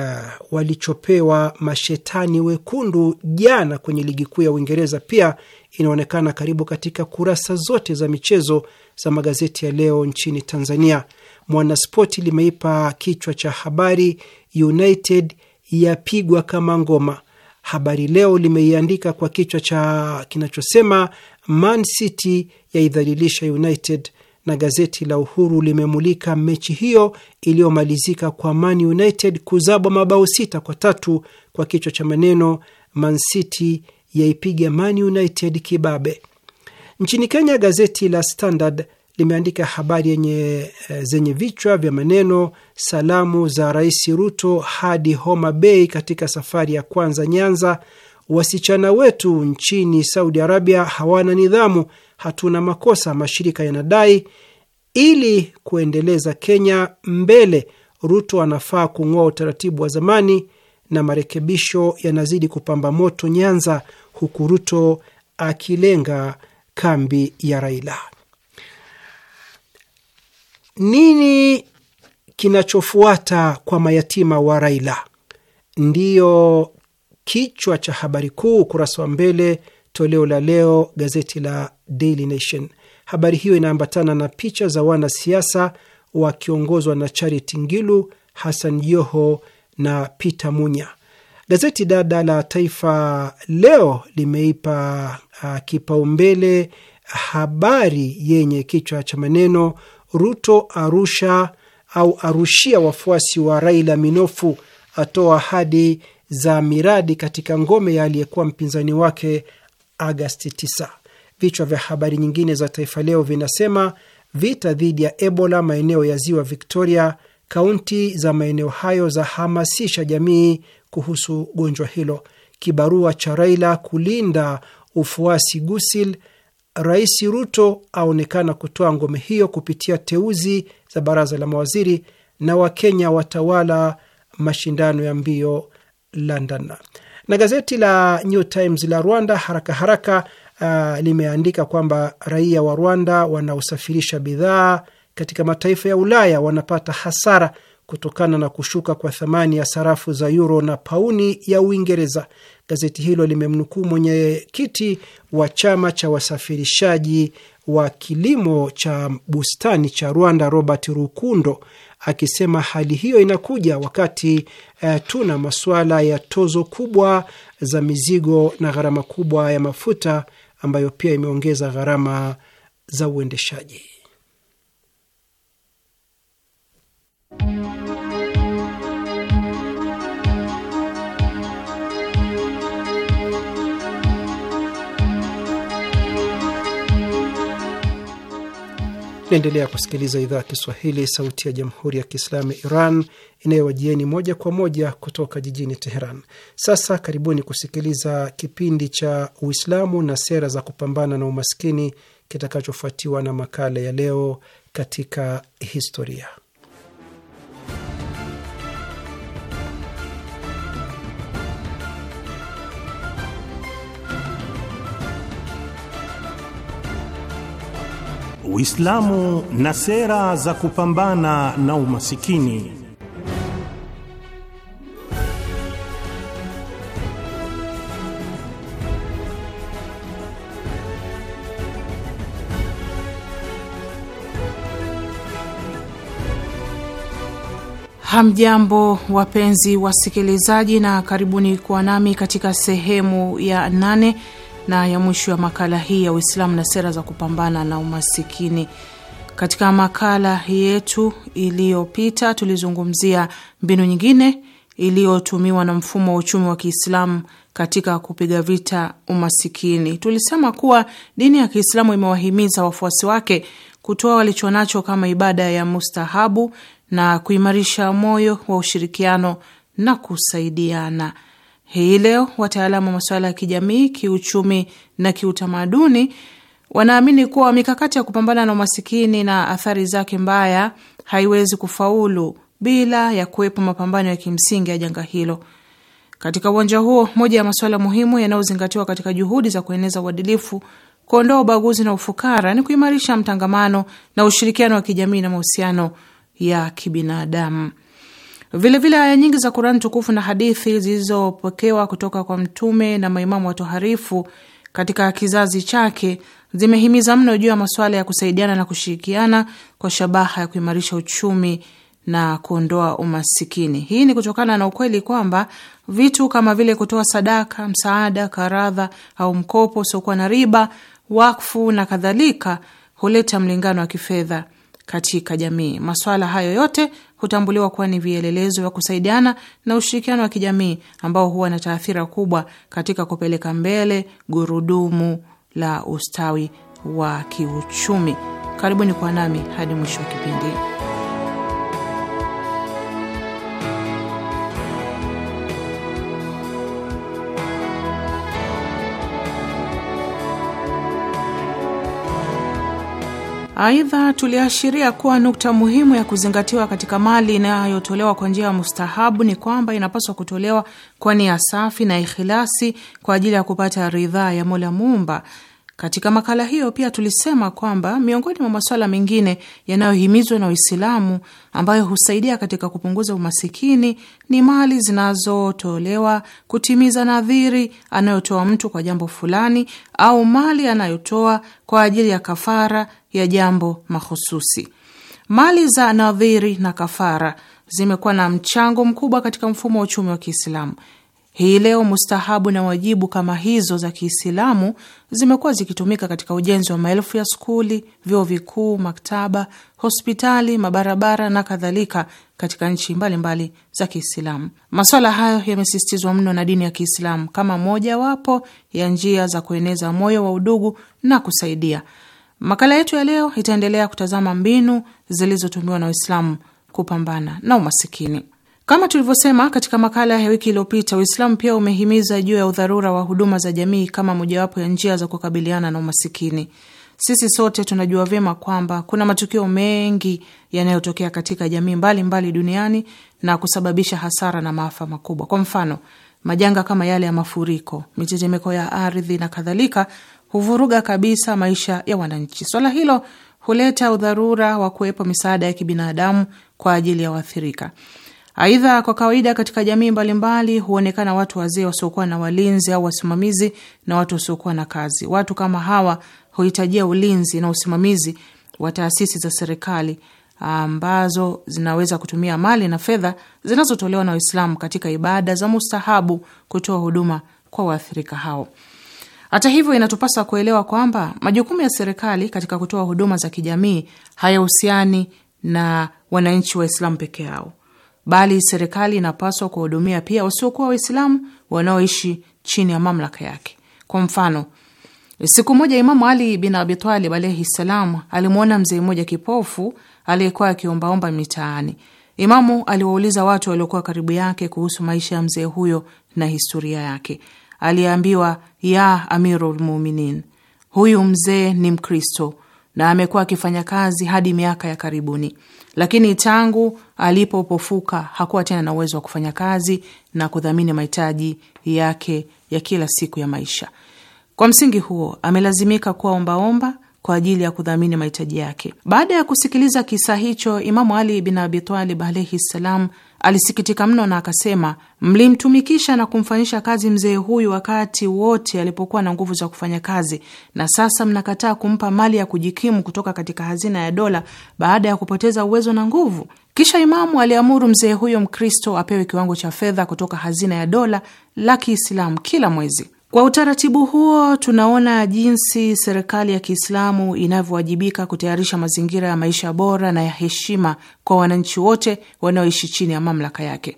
walichopewa mashetani wekundu jana kwenye ligi kuu ya Uingereza pia inaonekana karibu katika kurasa zote za michezo za magazeti ya leo nchini Tanzania. Mwanaspoti limeipa kichwa cha habari United yapigwa kama ngoma, Habari Leo limeiandika kwa kichwa cha kinachosema Man City yaidhalilisha United, na gazeti la Uhuru limemulika mechi hiyo iliyomalizika kwa Man United kuzabwa mabao sita kwa tatu kwa kichwa cha maneno Man City yaipiga Man United kibabe. Nchini Kenya, gazeti la Standard limeandika habari yenye eh, zenye vichwa vya maneno salamu za Rais Ruto hadi Homa Bay katika safari ya kwanza Nyanza, wasichana wetu nchini Saudi Arabia hawana nidhamu, hatuna makosa, mashirika yanadai. Ili kuendeleza Kenya mbele, Ruto anafaa kung'oa utaratibu wa zamani, na marekebisho yanazidi kupamba moto Nyanza, huku Ruto akilenga kambi ya Raila. Nini kinachofuata kwa mayatima wa Raila ndiyo kichwa cha habari kuu ukurasa wa mbele toleo la leo gazeti la Daily Nation. Habari hiyo inaambatana na picha za wanasiasa wakiongozwa na Charity Ngilu, Hassan Joho na Peter Munya. Gazeti dada la Taifa Leo limeipa uh, kipaumbele habari yenye kichwa cha maneno Ruto arusha au arushia wafuasi wa Raila minofu, atoa ahadi za miradi katika ngome ya aliyekuwa mpinzani wake Agasti 9. Vichwa vya habari nyingine za Taifa Leo vinasema vita dhidi ya Ebola maeneo ya ziwa Victoria, kaunti za maeneo hayo zahamasisha jamii kuhusu gonjwa hilo. Kibarua cha Raila kulinda ufuasi Gusil Rais Ruto aonekana kutoa ngome hiyo kupitia teuzi za baraza la mawaziri na Wakenya watawala mashindano ya mbio London. Na gazeti la New Times la Rwanda haraka haraka uh, limeandika kwamba raia wa Rwanda wanaosafirisha bidhaa katika mataifa ya Ulaya wanapata hasara kutokana na kushuka kwa thamani ya sarafu za yuro na pauni ya Uingereza. Gazeti hilo limemnukuu mwenyekiti wa chama cha wasafirishaji wa kilimo cha bustani cha Rwanda, Robert Rukundo, akisema hali hiyo inakuja wakati eh, tuna masuala ya tozo kubwa za mizigo na gharama kubwa ya mafuta ambayo pia imeongeza gharama za uendeshaji. Naendelea kusikiliza idhaa ya Kiswahili, sauti ya jamhuri ya kiislamu ya Iran inayowajieni moja kwa moja kutoka jijini Teheran. Sasa karibuni kusikiliza kipindi cha Uislamu na sera za kupambana na umaskini kitakachofuatiwa na makala ya leo katika historia. Uislamu na sera za kupambana na umasikini. Hamjambo, wapenzi wasikilizaji, na karibuni kuwa nami katika sehemu ya nane na ya mwisho ya makala hii ya Uislamu na sera za kupambana na umasikini. Katika makala yetu iliyopita, tulizungumzia mbinu nyingine iliyotumiwa na mfumo wa uchumi wa Kiislamu katika kupiga vita umasikini. Tulisema kuwa dini ya Kiislamu imewahimiza wafuasi wake kutoa walichonacho kama ibada ya mustahabu na kuimarisha moyo wa ushirikiano na kusaidiana. Hii leo wataalamu wa masuala ya kijamii, kiuchumi na kiutamaduni wanaamini kuwa mikakati ya kupambana na umasikini na athari zake mbaya haiwezi kufaulu bila ya kuwepo mapambano ya kimsingi ya janga hilo. Katika uwanja huo, moja ya masuala muhimu yanayozingatiwa katika juhudi za kueneza uadilifu, kuondoa ubaguzi na ufukara ni kuimarisha mtangamano na ushirikiano wa kijamii na mahusiano ya kibinadamu. Vilevile aya nyingi za Kurani tukufu na hadithi zilizopokewa kutoka kwa Mtume na maimamu watoharifu katika kizazi chake zimehimiza mno juu ya masuala ya kusaidiana na kushirikiana kwa shabaha ya kuimarisha uchumi na kuondoa umasikini. Hii ni kutokana na ukweli kwamba vitu kama vile kutoa sadaka, msaada, karadha au mkopo usiokuwa na riba, wakfu na kadhalika huleta mlingano wa kifedha katika jamii. maswala hayo yote hutambuliwa kuwa ni vielelezo vya kusaidiana na ushirikiano wa kijamii ambao huwa na taathira kubwa katika kupeleka mbele gurudumu la ustawi wa kiuchumi. Karibuni kwa nami hadi mwisho wa kipindi. Aidha, tuliashiria kuwa nukta muhimu ya kuzingatiwa katika mali inayotolewa kwa njia ya mustahabu ni kwamba inapaswa kutolewa kwa nia safi na ikhilasi kwa ajili ya kupata ridhaa ya Mola Muumba katika makala hiyo pia tulisema kwamba miongoni mwa masuala mengine yanayohimizwa na Uislamu ambayo husaidia katika kupunguza umasikini ni mali zinazotolewa kutimiza nadhiri anayotoa mtu kwa jambo fulani au mali anayotoa kwa ajili ya kafara ya jambo mahususi. Mali za nadhiri na kafara zimekuwa na mchango mkubwa katika mfumo wa uchumi wa Kiislamu hii leo mustahabu na wajibu kama hizo za Kiislamu zimekuwa zikitumika katika ujenzi wa maelfu ya skuli, vyuo vikuu, maktaba, hospitali, mabarabara na kadhalika katika nchi mbalimbali mbali za Kiislamu. maswala hayo yamesisitizwa mno na dini ya Kiislamu kama mojawapo ya njia za kueneza moyo wa udugu na kusaidia. Makala yetu ya leo itaendelea kutazama mbinu zilizotumiwa na Waislamu kupambana na umasikini. Kama tulivyosema katika makala ya wiki iliyopita, Uislamu pia umehimiza juu ya udharura wa huduma za jamii kama mojawapo ya njia za kukabiliana na umasikini. Sisi sote tunajua vyema kwamba kuna matukio mengi yanayotokea katika jamii mbalimbali mbali duniani na kusababisha hasara na maafa makubwa. Kwa mfano, majanga kama yale ya mafuriko, mitetemeko ya ardhi na kadhalika huvuruga kabisa maisha ya wananchi. Swala hilo huleta udharura wa kuwepo misaada ya kibinadamu kwa ajili ya waathirika. Aidha, kwa kawaida katika jamii mbalimbali huonekana watu wazee wasiokuwa na walinzi au wasimamizi na watu wasiokuwa na kazi. Watu kama hawa huhitajia ulinzi na usimamizi wa taasisi za serikali ambazo zinaweza kutumia mali na fedha zinazotolewa na Waislamu katika ibada za mustahabu kutoa huduma kwa waathirika hao. Hata hivyo, inatupasa kuelewa kwamba majukumu ya serikali katika kutoa huduma za kijamii hayahusiani na wananchi Waislamu peke yao bali serikali inapaswa kuwahudumia pia wasiokuwa Waislamu wanaoishi chini ya mamlaka yake. Kwa mfano, siku moja Imamu Ali bin Abitalib alaihi salam alimwona mzee mmoja kipofu aliyekuwa akiombaomba mitaani. Imamu aliwauliza watu waliokuwa karibu yake kuhusu maisha ya mzee huyo na historia yake. Aliambiwa, ya Amirul Muminin, huyu mzee ni Mkristo na amekuwa akifanya kazi hadi miaka ya karibuni lakini tangu alipopofuka hakuwa tena na uwezo wa kufanya kazi na kudhamini mahitaji yake ya kila siku ya maisha. Kwa msingi huo, amelazimika kuwa ombaomba kwa ajili ya kudhamini mahitaji yake. Baada ya kusikiliza kisa hicho, Imamu Ali bin Abitalib alaihi ssalam Alisikitika mno na akasema, mlimtumikisha na kumfanyisha kazi mzee huyu wakati wote alipokuwa na nguvu za kufanya kazi, na sasa mnakataa kumpa mali ya kujikimu kutoka katika hazina ya dola baada ya kupoteza uwezo na nguvu. Kisha Imamu aliamuru mzee huyo Mkristo apewe kiwango cha fedha kutoka hazina ya dola la Kiislamu kila mwezi. Kwa utaratibu huo tunaona jinsi serikali ya Kiislamu inavyowajibika kutayarisha mazingira ya maisha bora na ya heshima kwa wananchi wote wanaoishi chini ya mamlaka yake.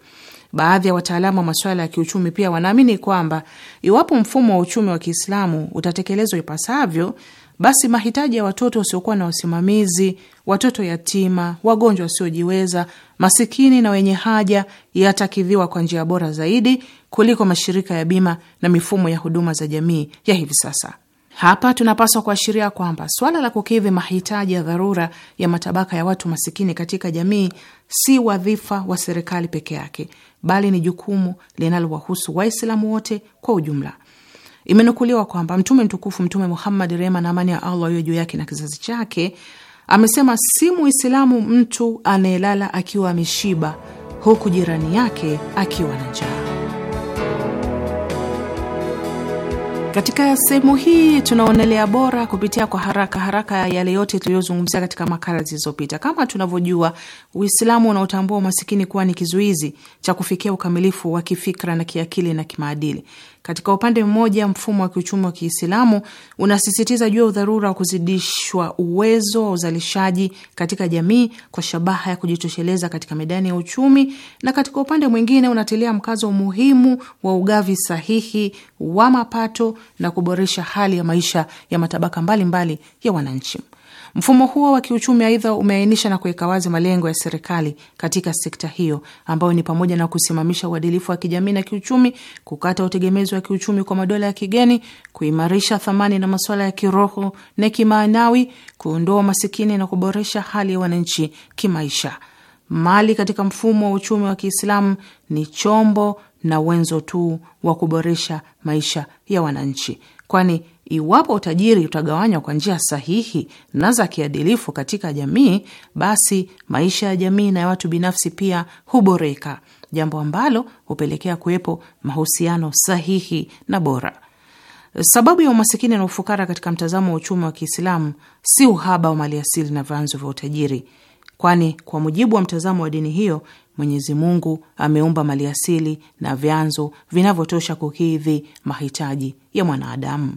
Baadhi ya wataalamu wa masuala ya kiuchumi pia wanaamini kwamba iwapo mfumo wa uchumi wa Kiislamu utatekelezwa ipasavyo, basi mahitaji ya watoto wasiokuwa na wasimamizi, watoto yatima, wagonjwa wasiojiweza, masikini na wenye haja yatakidhiwa kwa njia bora zaidi kuliko mashirika ya bima na mifumo ya huduma za jamii ya hivi sasa. Hapa tunapaswa kuashiria kwamba swala la kukidhi mahitaji ya dharura ya matabaka ya watu masikini katika jamii si wadhifa wa serikali peke yake, bali ni jukumu linalowahusu Waislamu wote kwa ujumla. Imenukuliwa kwamba Mtume mtukufu Mtume Muhammad, rehma na amani ya Allah iwe juu yake na kizazi chake, amesema si Muislamu mtu anayelala akiwa ameshiba huku jirani yake akiwa na njaa. Katika sehemu hii tunaonelea bora kupitia kwa haraka haraka yale yote tuliyozungumzia katika makala zilizopita. Kama tunavyojua, Uislamu unaotambua umasikini kuwa ni kizuizi cha kufikia ukamilifu wa kifikra na kiakili na kimaadili. Katika upande mmoja, mfumo wa kiuchumi wa Kiislamu unasisitiza juu ya udharura wa kuzidishwa uwezo wa uzalishaji katika jamii kwa shabaha ya kujitosheleza katika medani ya uchumi, na katika upande mwingine unatilia mkazo umuhimu wa ugavi sahihi wa mapato na kuboresha hali ya maisha ya matabaka mbalimbali mbali ya wananchi. Mfumo huo wa kiuchumi aidha umeainisha na kuweka wazi malengo ya serikali katika sekta hiyo ambayo ni pamoja na kusimamisha uadilifu wa kijamii na kiuchumi, kukata utegemezi wa kiuchumi kwa madola ya kigeni, kuimarisha thamani na masuala ya kiroho na kimaanawi, kuondoa masikini na kuboresha hali ya wananchi kimaisha. Mali katika mfumo wa uchumi wa Kiislamu ni chombo na wenzo tu wa kuboresha maisha ya wananchi, kwani Iwapo utajiri utagawanywa kwa njia sahihi na za kiadilifu katika jamii, basi maisha ya jamii na ya watu binafsi pia huboreka, jambo ambalo hupelekea kuwepo mahusiano sahihi na bora. Sababu ya umasikini na ufukara katika mtazamo wa uchumi wa Kiislamu si uhaba wa maliasili na vyanzo vya utajiri, kwani kwa mujibu wa mtazamo wa dini hiyo Mwenyezi Mungu ameumba maliasili na vyanzo vinavyotosha kukidhi mahitaji ya mwanadamu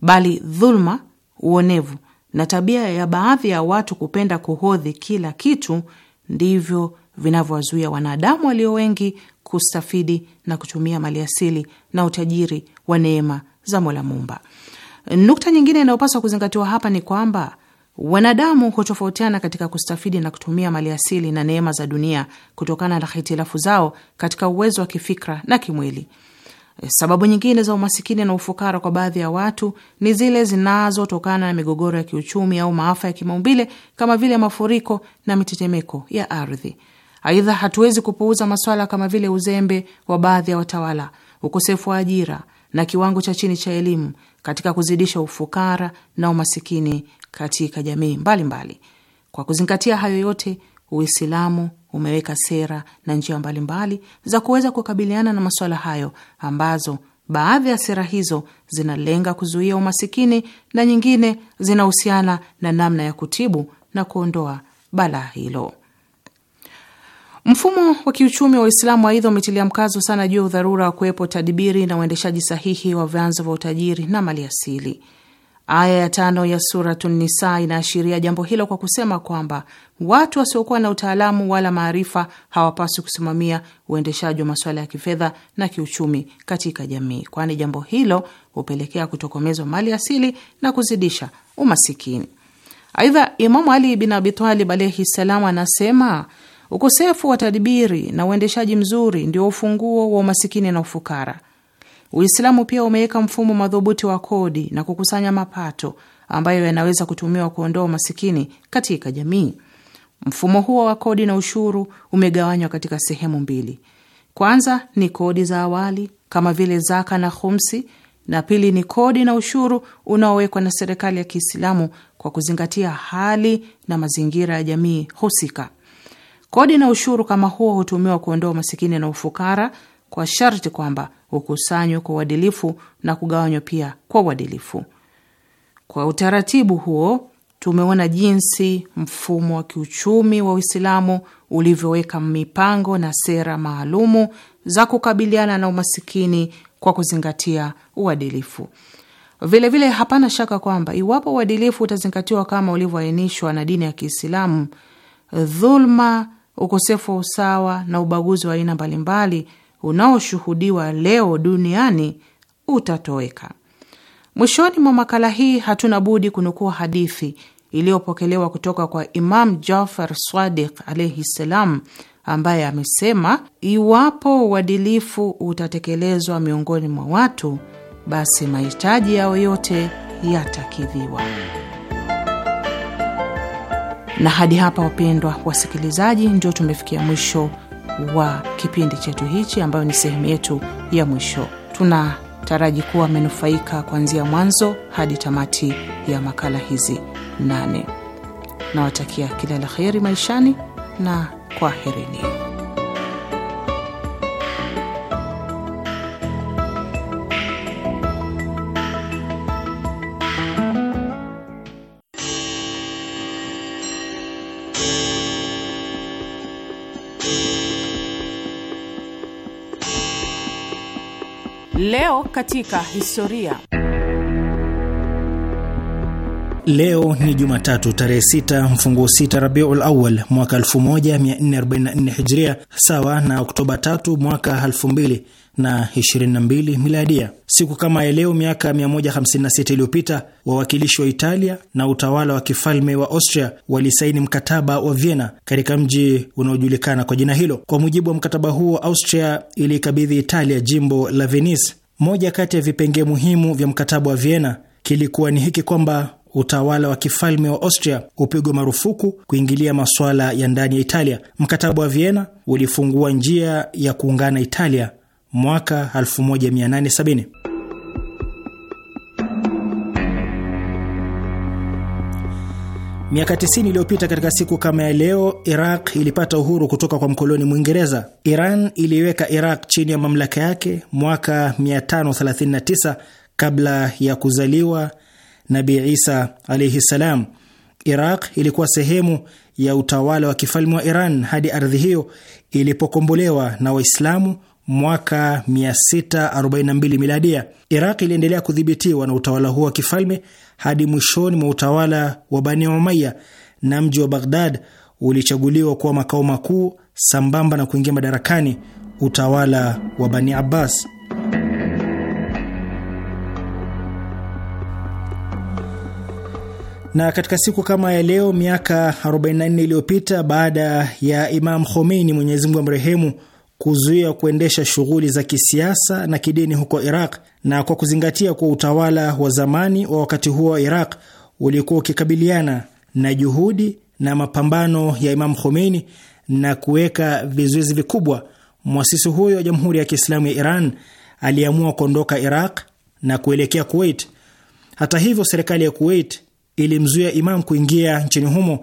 bali dhulma uonevu na tabia ya baadhi ya watu kupenda kuhodhi kila kitu ndivyo vinavyowazuia wanadamu walio wengi kustafidi na kutumia maliasili na utajiri wa neema za Mola Mumba. Nukta nyingine inayopaswa kuzingatiwa hapa ni kwamba wanadamu hutofautiana katika kustafidi na kutumia maliasili na neema za dunia kutokana na hitilafu zao katika uwezo wa kifikra na kimwili. Sababu nyingine za umasikini na ufukara kwa baadhi ya watu ni zile zinazotokana na migogoro ya kiuchumi au maafa ya kimaumbile kama vile mafuriko na mitetemeko ya ardhi. Aidha, hatuwezi kupuuza maswala kama vile uzembe wa baadhi ya watawala, ukosefu wa ajira na kiwango cha chini cha elimu katika kuzidisha ufukara na umasikini katika jamii mbalimbali mbali. Kwa kuzingatia hayo yote, Uislamu umeweka sera na njia mbalimbali za kuweza kukabiliana na masuala hayo ambazo baadhi ya sera hizo zinalenga kuzuia umasikini na nyingine zinahusiana na namna ya kutibu na kuondoa balaa hilo. Mfumo wa kiuchumi wa Uislamu aidha umetilia mkazo sana juu ya udharura wa kuwepo tadibiri na uendeshaji sahihi wa vyanzo vya utajiri na maliasili. Aya ya tano ya Suratu Nisa inaashiria jambo hilo kwa kusema kwamba watu wasiokuwa na utaalamu wala maarifa hawapaswi kusimamia uendeshaji wa masuala ya kifedha na kiuchumi katika jamii, kwani jambo hilo hupelekea kutokomezwa mali asili na kuzidisha umasikini. Aidha, Imamu Ali bin Abitalib alaihi ssalam anasema ukosefu wa tadbiri na uendeshaji mzuri ndio ufunguo wa umasikini na ufukara. Uislamu pia umeweka mfumo madhubuti wa kodi na kukusanya mapato ambayo yanaweza kutumiwa kuondoa umasikini katika jamii. Mfumo huo wa kodi na ushuru umegawanywa katika sehemu mbili. Kwanza ni kodi za awali kama vile zaka na khumsi, na pili ni kodi na ushuru unaowekwa na serikali ya Kiislamu kwa kuzingatia hali na mazingira ya jamii husika. Kodi na ushuru kama huo hutumiwa kuondoa umasikini na ufukara kwa sharti kwamba ukusanywe kwa uadilifu na kugawanywa pia kwa uadilifu. Kwa utaratibu huo tumeona jinsi mfumo wa kiuchumi wa Uislamu ulivyoweka mipango na sera maalumu za kukabiliana na umasikini kwa kuzingatia uadilifu. Vilevile vile, hapana shaka kwamba iwapo uadilifu utazingatiwa kama ulivyoainishwa na dini ya Kiislamu, dhulma, ukosefu wa usawa na ubaguzi wa aina mbalimbali unaoshuhudiwa leo duniani utatoweka. Mwishoni mwa makala hii hatuna budi kunukua hadithi iliyopokelewa kutoka kwa Imam Jafar Swadik alaihi ssalam, ambaye amesema iwapo uadilifu utatekelezwa miongoni mwa watu, basi mahitaji yao yote yatakidhiwa. Na hadi hapa, wapendwa wasikilizaji, ndio tumefikia mwisho wa kipindi chetu hichi, ambayo ni sehemu yetu ya mwisho. Tunataraji kuwa amenufaika kuanzia mwanzo hadi tamati ya makala hizi nane. Nawatakia kila la kheri maishani na kwaherini. Leo katika historia. Leo ni Jumatatu tarehe 6 mfungo 6 Rabiul Awal mwaka 1444 Hijria, sawa na Oktoba 3 mwaka na 22 miladia. Siku kama ya leo miaka 156 iliyopita wawakilishi wa Italia na utawala wa kifalme wa Austria walisaini mkataba wa Vienna katika mji unaojulikana kwa jina hilo. Kwa mujibu wa mkataba huo, Austria iliikabidhi Italia jimbo la Venice. Moja kati ya vipengee muhimu vya mkataba wa Vienna kilikuwa ni hiki kwamba utawala wa kifalme wa Austria upigwe marufuku kuingilia masuala ya ndani ya Italia. Mkataba wa Vienna ulifungua njia ya kuungana Italia mwaka 1870. Miaka 90 iliyopita katika siku kama ya leo, Iraq ilipata uhuru kutoka kwa mkoloni Mwingereza. Iran iliiweka Iraq chini ya mamlaka yake mwaka 539 kabla ya kuzaliwa Nabi Isa alaihi ssalam. Iraq ilikuwa sehemu ya utawala wa kifalme wa Iran hadi ardhi hiyo ilipokombolewa na Waislamu mwaka 642 miladia. Iraq iliendelea kudhibitiwa na utawala huo wa kifalme hadi mwishoni mwa utawala wa Bani Umaya, na mji wa Baghdad ulichaguliwa kuwa makao makuu sambamba na kuingia madarakani utawala wa Bani Abbas. Na katika siku kama ya leo miaka 44 iliyopita baada ya Imam Khomeini, Mwenyezi Mungu amrehemu kuzuia kuendesha shughuli za kisiasa na kidini huko Iraq, na kwa kuzingatia kuwa utawala wa zamani wa wakati huo wa Iraq ulikuwa ukikabiliana na juhudi na mapambano ya Imam Khomeini na kuweka vizuizi vikubwa, mwasisi huyo wa Jamhuri ya Kiislamu ya Iran aliamua kuondoka Iraq na kuelekea Kuwait. Hata hivyo, serikali ya Kuwait ilimzuia Imam kuingia nchini humo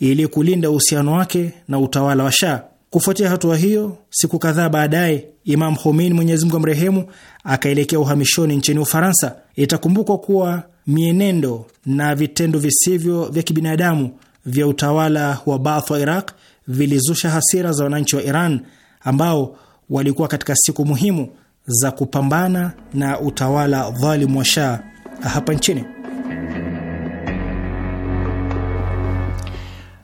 ili kulinda uhusiano wake na utawala wa Shah. Kufuatia hatua hiyo, siku kadhaa baadaye, Imam Khomeini, Mwenyezi Mungu amrehemu, akaelekea uhamishoni nchini Ufaransa. Itakumbukwa kuwa mienendo na vitendo visivyo vya kibinadamu vya utawala wa Baath wa Iraq vilizusha hasira za wananchi wa Iran ambao walikuwa katika siku muhimu za kupambana na utawala dhalimu wa Shah hapa nchini.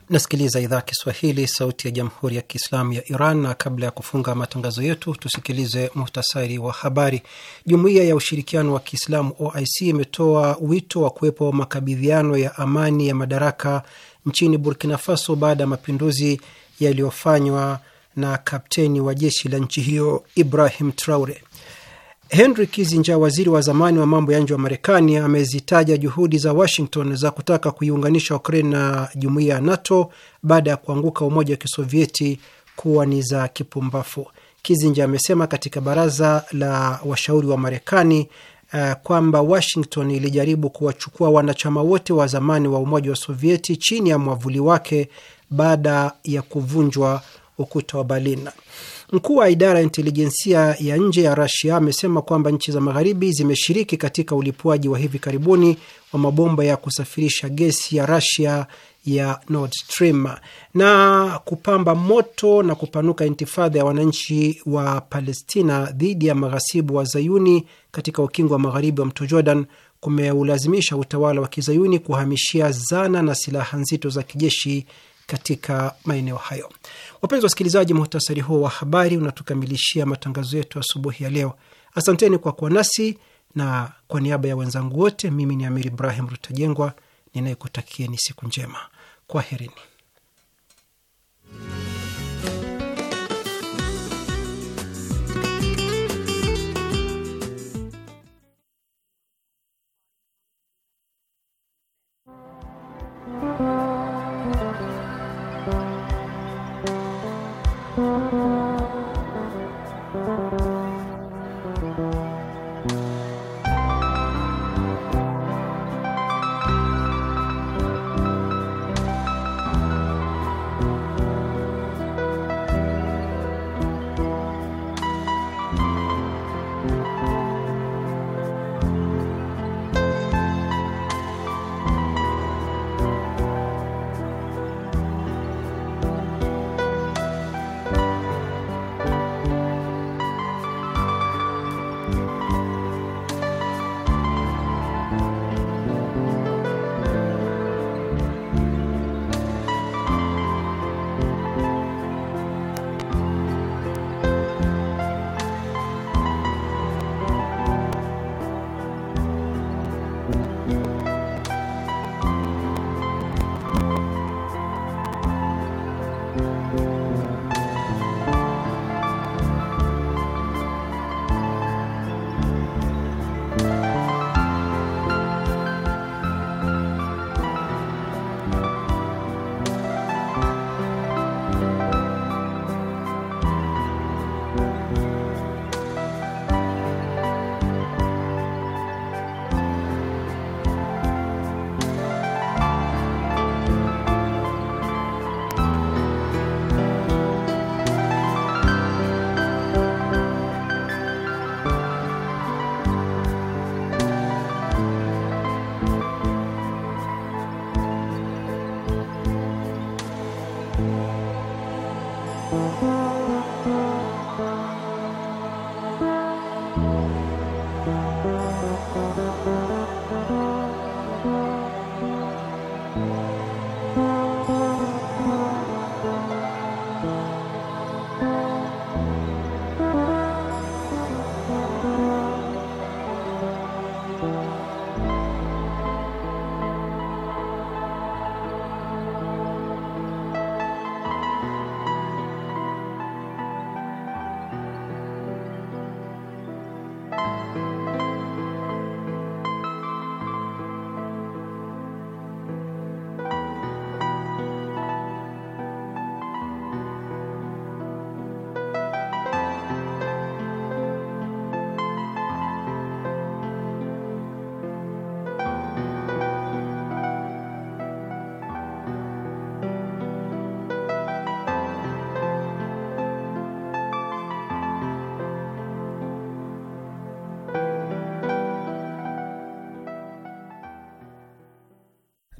Nasikiliza idhaa Kiswahili sauti ya jamhuri ya kiislamu ya Iran, na kabla ya kufunga matangazo yetu tusikilize muhtasari wa habari. Jumuiya ya ushirikiano wa Kiislamu OIC imetoa wito wa kuwepo makabidhiano ya amani ya madaraka nchini Burkina Faso baada ya mapinduzi yaliyofanywa na kapteni wa jeshi la nchi hiyo Ibrahim Traore. Henry Kissinger, waziri wa zamani wa mambo ya nje wa Marekani, amezitaja juhudi za Washington za kutaka kuiunganisha Ukraine na jumuiya ya NATO baada ya kuanguka Umoja wa Kisovieti kuwa ni za kipumbafu. Kissinger amesema katika baraza la washauri wa Marekani uh, kwamba Washington ilijaribu kuwachukua wanachama wote wa zamani wa Umoja wa Sovieti chini ya mwavuli wake baada ya kuvunjwa ukuta wa Berlin. Mkuu wa idara ya intelijensia ya nje ya Rasia amesema kwamba nchi za magharibi zimeshiriki katika ulipuaji wa hivi karibuni wa mabomba ya kusafirisha gesi ya Rasia ya Nord Stream na kupamba moto na kupanuka intifadha ya wananchi wa Palestina dhidi ya maghasibu wa zayuni katika ukingo wa magharibi wa mto Jordan kumeulazimisha utawala wa kizayuni kuhamishia zana na silaha nzito za kijeshi katika maeneo hayo. Wapenzi wasikilizaji, muhtasari huo wa habari unatukamilishia matangazo yetu asubuhi ya leo. Asanteni kwa kuwa nasi na kwa niaba ya wenzangu wote, mimi ni Amiri Ibrahim Rutajengwa ninayekutakieni siku njema. Kwaherini.